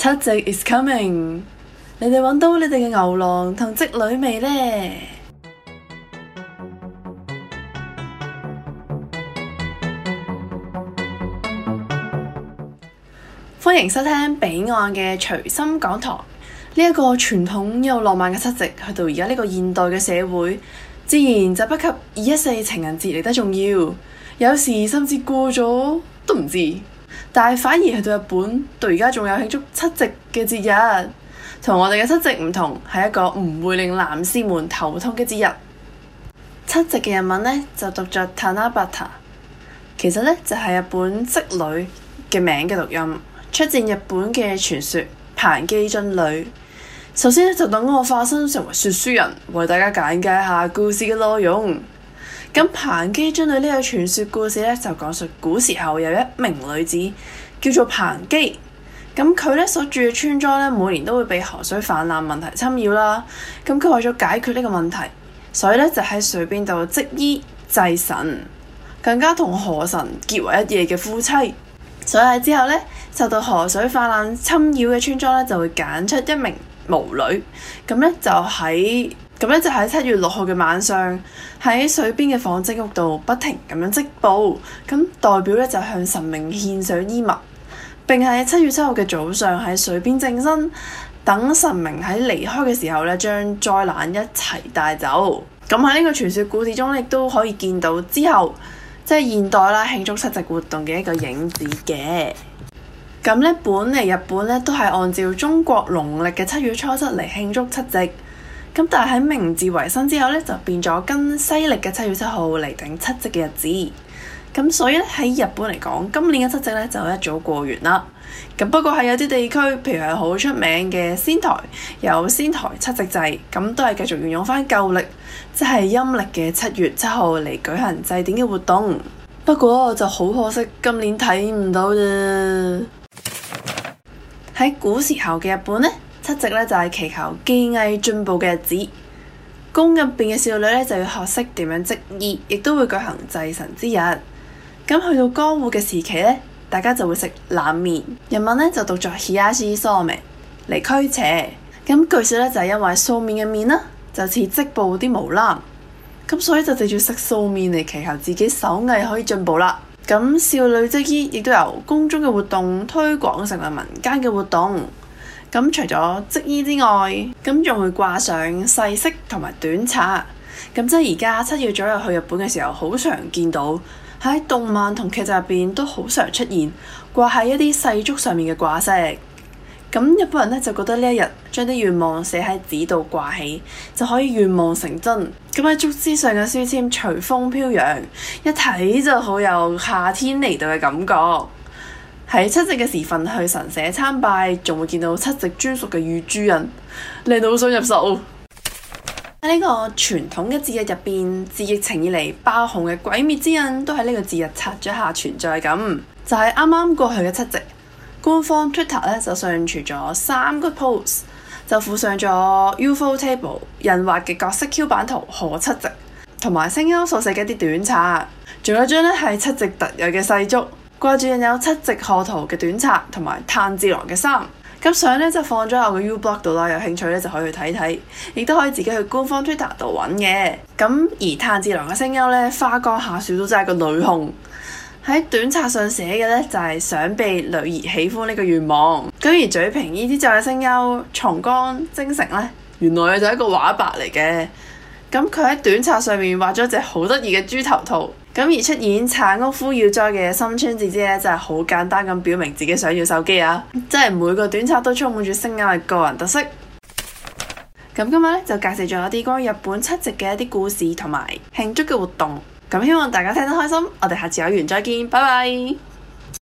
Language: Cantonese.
七夕 is coming，你哋揾到你哋嘅牛郎同織女未呢？歡迎收聽彼岸嘅隨心講堂。呢一個傳統又浪漫嘅七夕，去到而家呢個現代嘅社會，自然就不及二一四情人節嚟得重要。有時甚至過咗都唔知。但係反而去到日本，到而家仲有慶祝七夕嘅節日，同我哋嘅七夕唔同，係一個唔會令男士們頭痛嘅節日。七夕嘅日文呢，就讀作 Tanabata，其實呢，就係日本織女嘅名嘅讀音，出自日本嘅傳說彭基津女。首先呢就等我化身成為說書人，為大家簡介下故事嘅內容。咁彭基針對呢個傳說故事呢，就講述古時候有一名女子叫做彭基，咁佢呢所住嘅村莊呢，每年都會被河水泛濫問題侵擾啦。咁佢為咗解決呢個問題，所以呢就喺水邊度織衣祭神，更加同河神結為一夜嘅夫妻。所以喺之後呢，受到河水泛濫侵擾嘅村莊呢，就會揀出一名。巫女咁咧就喺咁咧就喺七月六號嘅晚上喺水邊嘅紡織屋度不停咁樣織布，咁代表咧就向神明獻上衣物，並喺七月七號嘅早上喺水邊淨身，等神明喺離開嘅時候咧將災難一齊帶走。咁喺呢個傳說故事中，亦都可以見到之後即係、就是、現代啦慶祝七夕活動嘅一個影子嘅。咁咧，本嚟日本咧都係按照中國農曆嘅七月初七嚟慶祝七夕，咁但係喺明治維新之後咧，就變咗跟西曆嘅七月七號嚟定七夕嘅日子。咁所以咧喺日本嚟講，今年嘅七夕咧就一早過完啦。咁不過係有啲地區，譬如係好出名嘅仙台，有仙台七夕祭，咁都係繼續沿用翻舊曆，即係陰曆嘅七月七號嚟舉行祭典嘅活動。不過就好可惜，今年睇唔到啫。喺古時候嘅日本呢，七夕呢就係、是、祈求技藝進步嘅日子。宮入邊嘅少女呢，就要學識點樣織衣，亦都會舉行祭神之日。咁去到江戶嘅時期呢，大家就會食冷麵，日文呢就讀作 hiyashi sōmen 嚟驅邪。咁據說呢，就係、是、因為素麵嘅麵呢，就似織布啲毛纖，咁所以就直接食素麵嚟祈求自己手藝可以進步啦。咁少女織衣亦都由宮中嘅活動推廣成為民間嘅活動。咁除咗織衣之外，咁仲會掛上細飾同埋短冊。咁即係而家七月左右去日本嘅時候，好常見到喺動漫同劇集入邊都好常出現掛喺一啲細竹上面嘅掛飾。咁日本人咧就覺得呢一日將啲願望寫喺紙度掛起就可以願望成真。咁喺竹枝上嘅書籤隨風飄揚，一睇，就好有夏天嚟到嘅感覺。喺七夕嘅時份，去神社參拜，仲會見到七夕專屬嘅御朱印，令到好想入手。喺呢個傳統嘅節日入邊，自疫情以嚟，爆紅嘅鬼滅之刃都喺呢個節日刷咗下存在感，就係啱啱過去嘅七夕。官方 Twitter 咧就上傳咗三個 post，就附上咗 UFO table 印畫嘅角色 Q 版圖可七夕，同埋聲優所寫嘅一啲短冊，仲有張咧係七夕特有嘅細竹，掛住印有七夕河圖嘅短冊，同埋炭治郎嘅衫。咁相咧就放咗喺我嘅 U Block 度啦，有興趣咧就可以去睇睇，亦都可以自己去官方 Twitter 度揾嘅。咁而炭治郎嘅聲優咧，花江夏樹都真係個女控。喺短冊上寫嘅呢，就係想被女兒喜歡呢個願望。咁而嘴平呢啲就係聲優松岡禎丞呢。原來佢就係一個畫伯嚟嘅。咁佢喺短冊上面畫咗一隻好得意嘅豬頭兔。咁而出演產屋敷耀哉嘅森川智之呢，就係好簡單咁表明自己想要手機啊！即係每個短冊都充滿住聲優嘅個人特色。咁今日呢，就介紹咗一啲關於日本七夕嘅一啲故事同埋慶祝嘅活動。咁希望大家聽得開心，我哋下次有緣再見，拜拜。